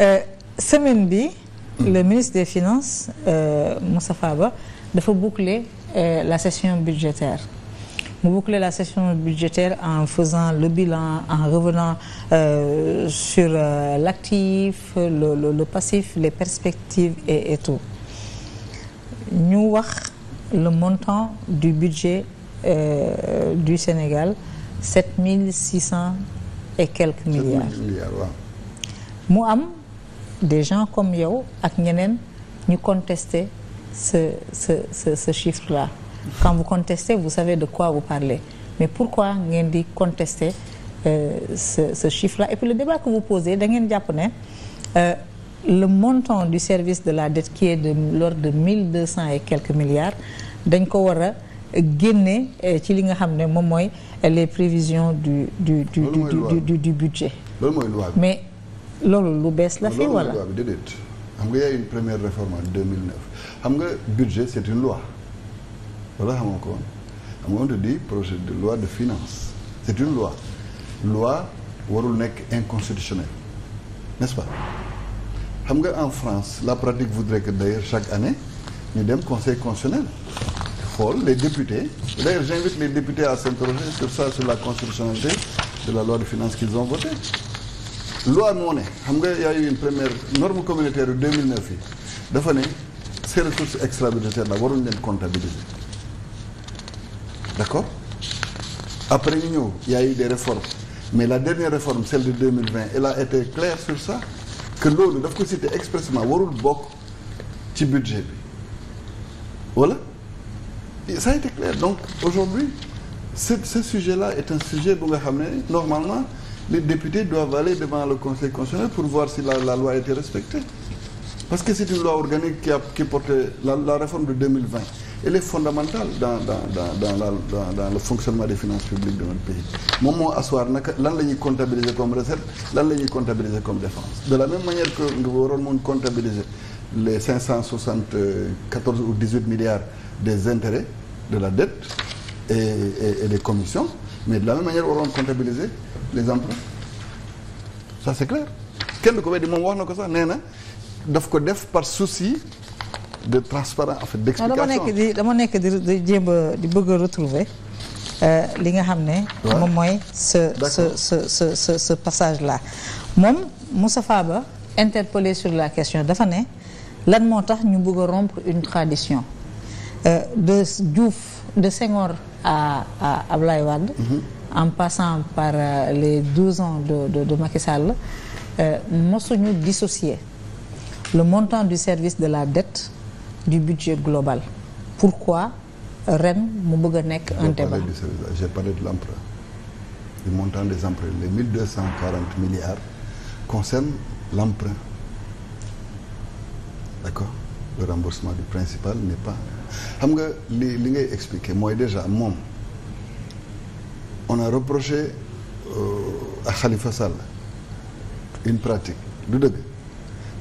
Euh, semaine bi le ministre des finances euh, Moustapha Ba dafa boucler euh, la session budgétaire mu boucler la session budgétaire en faisant le bilan en revenant euh, sur l'actif le, le le passif les perspectives et, et tout ñu wax le montant du budget euh, du Sénégal sept mille six cent et quelques milliards mu am des gens comme yow ak ñeneen ñu contester ce ce ce ce chiffre là. quand vous contestez vous savez de quoi vous parlez mais pourquoi ngeen di contester euh, ce ce chiffre là et puis le débat que vous posez da ngeen jàpp ne euh, le montant du service de la dette qui est de l'ordre de mille deux cent et quelques milliards dañ ko war a génne euh, ci li nga xam ne moom mooy les prévisions du du du du budget mais loolu lu bees la fi wala loi bi déedéet xam nga yaay une première réforme xam nga budget c'est une loi wala xamoo ko woon xam nga on te dit projet de loi de finance c'est une loi loi warul nekk inconstitutionnel n'est-ce pas xam nga en France la pratique voudrait que d'ailleurs chaque année ñu dem conseil constitutionnel xool les députés d'ailleurs j'invite les députés à s'interroger sur ça sur la constitutionnalité de la loi de finances qu'ils ont votée loi moo ne xam nga y a eu une première norme communautaire yu 2009 yi dafa ne ces ressources extrabudgétaires la waruñ leen comptabiliser d' accord après ñu ñëw y de eu mais la dernière réforme celle de 2020 elle a été claire sur ça que loolu daf ko cité expressément warul bokk ci budget bi voilà ça a été clair donc aujourd'hui ce ce sujet là est un sujet bu nga xam ne normalement les députés doivent aller devant le Conseil constitutionnel pour voir si la, la loi a été respectée. Parce que c'est une loi organique qui, a, qui porte la, la, réforme de 2020. Elle est fondamentale dans, dans, dans, dans, la, dans le fonctionnement des finances publiques de notre pays. Moom moo asseoir naka lan la ñuy comptabiliser comme recette lan la comptabiliser comme dépense. De la même manière que nga waroon mun les milliards des intérêts de la dette et, et, des commissions, mais de la même manière les emprunts c'est clair kenn du ko weddi moom wax na ko sax nee daf ko def par souci de transparence en fait d'explication dama nekk di dama di bëgg a retrouver euh, li nga xam ne mooy ce ce ce ce ce ce passage la question dafa ne lan moo tax ñu bëgg a rompre une tradition euh, de Diouf de Senghor à à Ablaye en passant par euh, les douze ans de de de Macky Sall euh, mosuñu dissocier le montant du service de la dette du budget global pourquoi ren mu bëgg a nekk un débat j'ai parlé de l'emprunt le montant des emprunts les 1240 milliards concernent l'emprunt d'accord le remboursement du principal n'est pas xam nga li li ngay expliquer mooy déjà moom on a reproché euh, à Khalifa Sall pratique du dëgg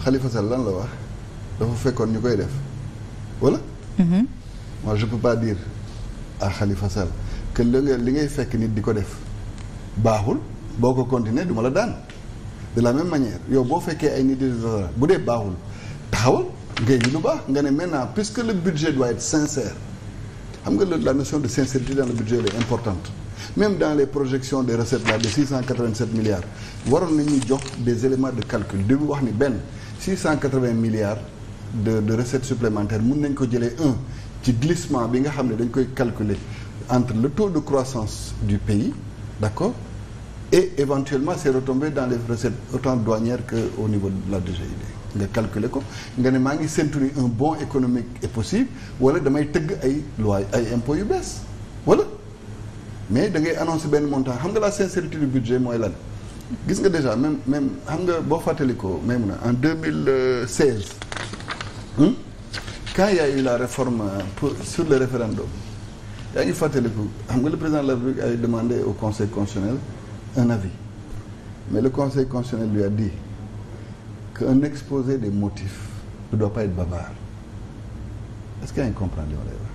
Khalifa Sall lan la wax dafa fekkoon ñu koy def voilà. Mhm. moi je peux pas dire à Khalifa Sall que li nga li ngay fekk nit di ko def baaxul boo ko continuer du ma la daan de la même manière yow boo fekkee ay nit di dara bu dee baaxul taxawal ngay ji lu baax nga ne maintenant puisque le budget doit être sincère. xam nga la notion de sincérité dans le budget est importante même dans les projections des recettes là de 687 milliards waroon nañu jox des éléments de calcul di wax ni benn 680 milliards de de recettes supplémentaires mun nañ ko jëlee un ci glissement bi nga xam ne dañ koy calculer entre le taux de croissance du pays d'accord et éventuellement c'est retombé dans les recettes autant douanières que au niveau de la DGID nga calculer ko nga ne maa ngi séntu ni un bon économique et possible wala damay tëgg ay loi ay impôts yu bees wala mais da ngay annoncer benn montant xam nga la sincérité du budget mooy lan gis nga déjà même même xam nga boo fàttalikoo même na en 2016 quand il y a eu la réforme euh, pour sur le référendum yaa ngi fàttaliku xam nga le président de la République a demandé au conseil constitutionnel un avis mais le conseil constitutionnel lui a qu'un exposé des motifs ne doit pas être bavard est-ce que yaa li ma lay wax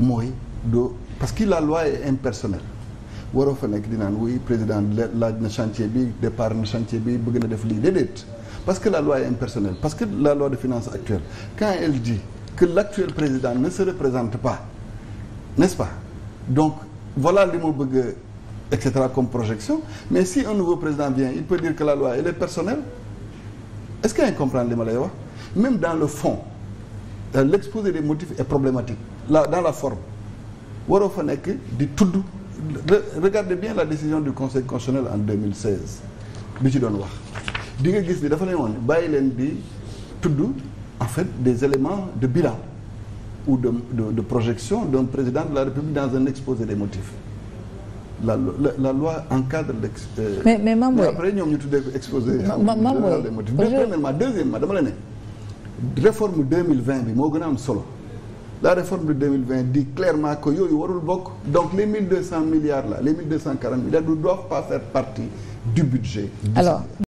mooy doo parce que la loi est impersonnelle waroo fa nekk di naan oui président laaj na chantier bi départ na chantier bi bëgg na def lii déedéet parce que la loi est impersonnelle parce que la loi de finances actuelle quand elle dit que l'actuel président ne se représente pa n'est-ce pas donc voilà li mu bëgg etc comme projection mais si un nouveau président vient il peut dire que la loi elle est est-ce que yaa ngi li ma lay wax même dans le fond l'exposé des motifs est problématique là dans la forme waroo fa nekk di tudd regardez bien la décision du conseil constitutionnel en 2016 bi ci doon wax di nga gis ni dafa ne woon bàyyi leen bi tudd en fait des éléments de bilan ou de de, de projection d'un président de la République dans un exposé des motifs la la la loi encadre l'ex. Euh, mais mais Mame Boye après ñoom ñu tuddee ko exposé. Mame Boye des motifs premièrement deuxièmement dama la ne réforme 2020 bi moo gën a am solo la réforme de 2020 dit clairement que yooyu warul bokk donc les 1200 milliards là les 1240 milliards ne doivent pas faire partie du budget. alors